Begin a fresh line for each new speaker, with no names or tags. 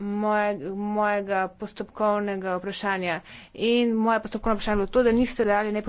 moje, mojega postopkovnega vprašanja. In moje postopkovno vprašanje je bilo to, da niste dali neposredno